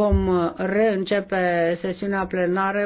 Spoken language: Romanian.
Vom uh, reîncepe sesiunea plenară